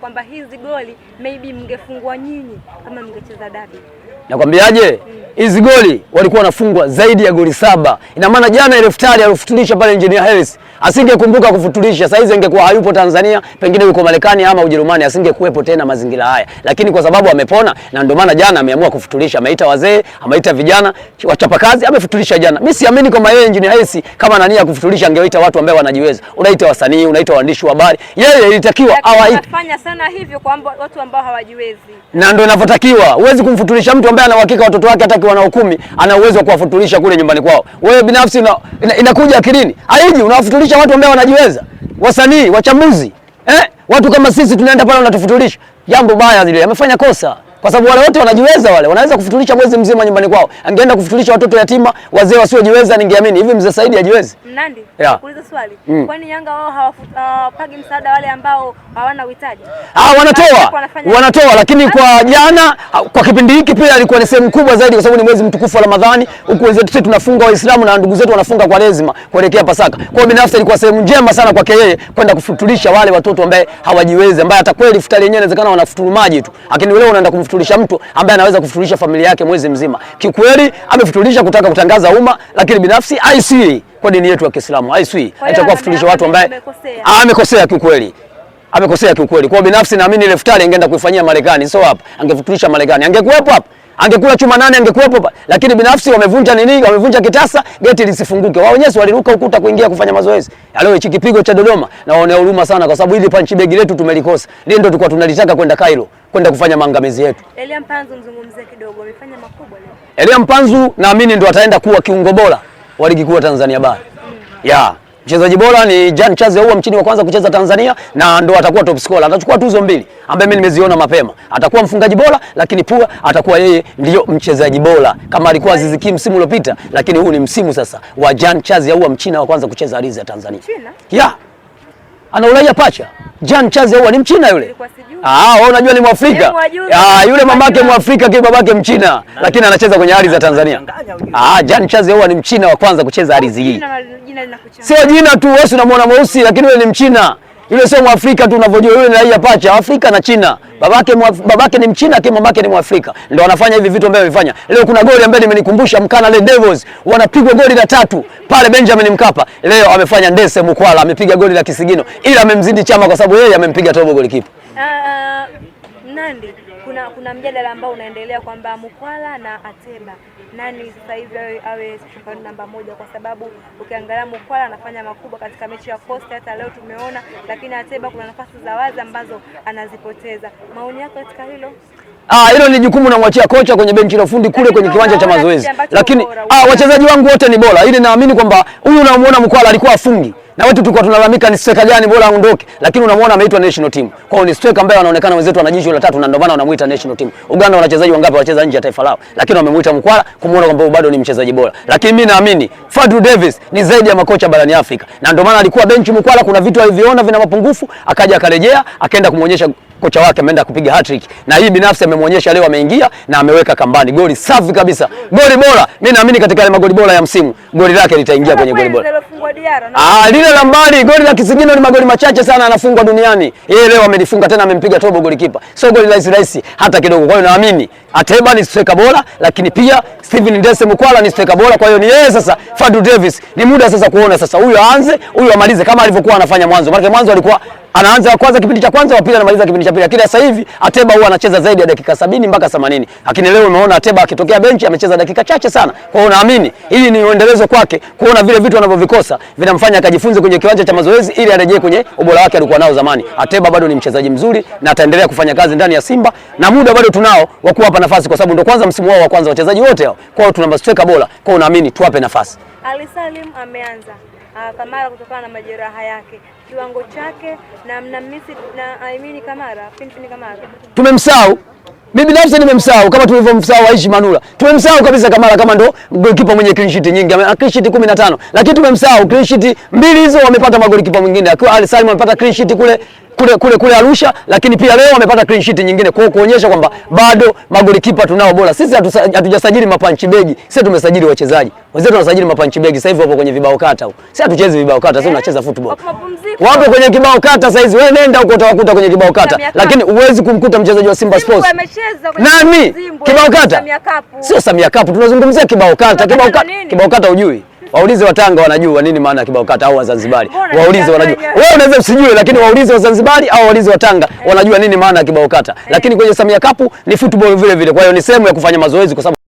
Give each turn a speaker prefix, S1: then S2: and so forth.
S1: kwamba hizi goli maybe mngefungwa nyinyi kama mngecheza dabi.
S2: Nakwambiaje? mm hizi goli walikuwa wanafungwa zaidi ya goli saba. Ina maana jana ile futari alifutulisha pale Engineer Harris asingekumbuka kufutulisha, Sasa hizi angekuwa hayupo Tanzania, pengine yuko Marekani ama Ujerumani, asingekuwepo tena mazingira haya, lakini kwa sababu amepona, na ndio maana jana ameamua kufutulisha. Ameita wazee, ameita vijana wachapa kazi, amefutulisha jana. Mimi siamini kwamba yeye Engineer Harris kama nani ya kufutulisha, angewaita watu ambao wanajiweza. Unaita wasanii, unaita waandishi wa habari, yeye ilitakiwa awaite.
S1: Anafanya sana hivyo kwa watu ambao hawajiwezi,
S2: na ndio inavyotakiwa. Huwezi kumfutulisha mtu ambaye ana uhakika watoto wake hata akiwa na kumi ana uwezo wa kuwafutulisha kule nyumbani kwao. Wewe binafsi una, ina, inakuja akilini? Haiji, unawafutulisha watu ambao wanajiweza, wasanii, wachambuzi eh? Watu kama sisi tunaenda pale, wanatufutulisha jambo baya. Zile amefanya kosa kwa sababu wale wote wanajiweza, wale wanaweza kufutulisha mwezi mzima nyumbani kwao. Angeenda kufutulisha watoto yatima, wazee wasiojiweza, ningeamini hivi mzee Saidi ajiwezi.
S1: Mnandi, kuuliza swali. Mm. Kwani Yanga wao hawapagi uh, msaada wale ambao hawana uhitaji?
S2: Ah, yaani wanatoa wanatoa, lakini kwa ah. jana, ah, kwa kipindi hiki pia alikuwa ni sehemu kubwa zaidi, kwa sababu ni mwezi mtukufu wa Ramadhani, huku wenzetu sisi tunafunga Waislamu na ndugu zetu wanafunga kwa lazima kuelekea Pasaka. Kwa hiyo binafsi ilikuwa sehemu njema sana kwake yeye kwenda kufutulisha wale watoto ambao hawajiwezi, ambao hata kweli futari yenyewe inawezekana wanafuturu maji tu, lakini leo unaenda kumfutulisha mtu ambaye anaweza kufutulisha familia yake mwezi mzima. Kikweli amefutulisha kutaka kutangaza umma, lakini binafsi haisii kwa dini yetu ya Kiislamu, haisii
S1: atakuwa kufutulisha watu ambaye
S2: amekosea ah, kikweli amekosea kiukweli. Kwa binafsi naamini ile futari angeenda kuifanyia Marekani, sio hapa. Angefutulisha Marekani, angekuwepo hapa, angekula chuma nane, angekuwepo hapa. Lakini binafsi wamevunja nini? Wamevunja kitasa, geti lisifunguke. Wao wenyewe waliruka ukuta kuingia kufanya mazoezi. Leo hichi kipigo cha Dodoma na waonea huruma sana, kwa sababu hili panchi begi letu tumelikosa. Ndio tulikuwa tunalitaka kwenda Cairo kwenda kufanya maangamizi yetu.
S1: Elia Mpanzu mzungumzie kidogo, amefanya makubwa leo.
S2: Elia Mpanzu naamini ndo ataenda kuwa kiungo bora wa ligi kuu ya Tanzania bara mm. yeah. Mchezaji bora ni Jan Chaze huwa mchini wa kwanza kucheza Tanzania na ndo atakuwa top scorer. Atachukua tuzo mbili ambaye mimi nimeziona mapema. Atakuwa mfungaji bora lakini pia atakuwa yeye ndio mchezaji bora kama alikuwa Aziz Ki msimu uliopita, lakini huu ni msimu sasa wa Jan Chaze huwa mchina wa kwanza kucheza ligi ya Tanzania. China? Yeah ana uraia pacha. Jan Chaze huwa ni mchina yule. Ah, wewe unajua ni Mwafrika. Ah, yule mamake Mwafrika kile babake mchina, lakini anacheza kwenye ardhi za Tanzania. Ah, Jan Chaze huwa ni mchina wa kwanza kucheza ardhi hii. Sio jina tu, wewe unamwona mweusi lakini yule ni mchina. Yule sio Mwafrika tu unavyojua, yule ni raia pacha Afrika na China. Babake babake ni Mchina, kama mamake ni Mwafrika. Ndio wanafanya hivi vitu ambavyo wamefanya. Leo kuna goli ambaye nimenikumbusha Mkana le Devils wanapigwa goli la tatu pale Benjamin Mkapa. Leo amefanya Ndese Mkwala amepiga goli la kisigino ila amemzidi Chama kwa sababu yeye amempiga tobo golikipa. Uh,
S1: uh, Nandi kuna kuna mjadala ambao unaendelea kwamba Mukwala na Ateba nani sasa hivi awe, awe shukrani namba moja, kwa sababu ukiangalia Mukwala anafanya makubwa katika mechi ya Costa, hata leo tumeona, lakini Ateba kuna nafasi za wazi ambazo anazipoteza. Maoni yako katika hilo?
S2: Ah, hilo ni jukumu namwachia kocha kwenye benchi la ufundi kule kwenye kiwanja cha mazoezi, lakini ah, wachezaji wangu wote ni bora, ili naamini kwamba huyu unamuona Mkwala alikuwa afungi na wetu tulikuwa tunalalamika ni striker gani bora aondoke, lakini unamwona ameitwa national team. Kwa hiyo ni striker ambaye anaonekana wenzetu ana jicho la tatu na ndio maana wanamuita national team. Uganda wana wachezaji wangapi wacheza nje ya taifa lao, lakini wamemuita Mkwala kumuona kwamba bado ni mchezaji bora. Lakini mimi naamini Fadlu Davis ni zaidi ya makocha barani Afrika, na ndio maana alikuwa benchi Mkwala, kuna vitu alivyoona vina mapungufu, akaja akarejea, akaenda kumuonyesha kocha wake, ameenda kupiga hat na hii binafsi amemuonyesha leo, ameingia na ameweka kambani goli safi kabisa, goli bora. Mimi naamini katika ile magoli bora ya msimu goli lake litaingia kwenye goli bora. Ah, lile la mbali, goli la kisigino ni magoli machache sana anafungwa duniani. Yeye leo amelifunga tena, amempiga tobo golikipa, sio goli rahisi rahisi hata kidogo. Kwa hiyo naamini Ateba ni striker bora, lakini pia Steven Ndese Mkwala ni striker bora. Kwa hiyo ni yeye sasa Davis ni muda sasa kuona sasa, huyu aanze, huyu amalize kama alivyokuwa anafanya mwanzo, maana mwanzo alikuwa anaanza wa kwanza kipindi cha kwanza, wa pili anamaliza kipindi cha pili. Lakini sasa hivi Ateba huwa anacheza zaidi ya dakika sabini mpaka themanini, lakini leo umeona Ateba akitokea benchi amecheza dakika chache sana. Kwa hiyo naamini hii ni uendelezo kwake, kuona vile vitu anavyovikosa vinamfanya akajifunze kwenye kiwanja cha mazoezi ili arejee kwenye ubora wake alikuwa nao zamani. Ateba bado ni mchezaji mzuri na ataendelea kufanya kazi ndani ya Simba, na muda bado tunao wa kuwapa nafasi, kwa sababu ndio kwanza msimu wao wa kwanza wachezaji wote hao. Kwa hiyo tuna mastreka bora, kwa hiyo naamini tuwape nafasi.
S1: Ali Salim ameanza uh, Kamara kutokana na majeraha yake, kiwango chake na mnamisi na aimini Kamara, Pinpin Kamara
S2: tumemsahau. Mimi binafsi nimemsahau kama tulivyomsahau Aishi Manula. Tumemsahau kabisa Kamara kama ndo goalkeeper mwenye clean sheet nyingi. Ana clean sheet 15. Lakini tumemsahau clean sheet mbili hizo wamepata magoli kipa mwingine. Akiwa Ali Salim amepata clean sheet kule kule, kule, kule Arusha, lakini pia leo wamepata clean sheet nyingine, kwa kuonyesha kwamba bado magolikipa tunao bora. Sisi hatujasajili mapanchi begi, sisi tumesajili wachezaji wenzetu, wanasajili mapanchi begi. Sasa hivi wapo kwenye vibao kata huko, sisi hatuchezi vibao kata, sisi eh, tunacheza football. Wapo kwenye kibao kata sasa hivi, wewe nenda huko utawakuta kwenye kibao kata, lakini huwezi kumkuta mchezaji wa Simba Sports nani kibao kata, sio Samia Cup tunazungumzia kibao kata, kibao kata, kibao kata hujui Waulize Watanga wanajua nini maana ya kibao kata au Wazanzibari. Waulize wanajua. Wewe unaweza usijue lakini waulize Wazanzibari au waulize Watanga eh. wanajua nini maana ya kibao kata. Eh. Lakini kwenye Samia Cup ni football vile vile. Kwa hiyo ni sehemu ya kufanya mazoezi kwa sababu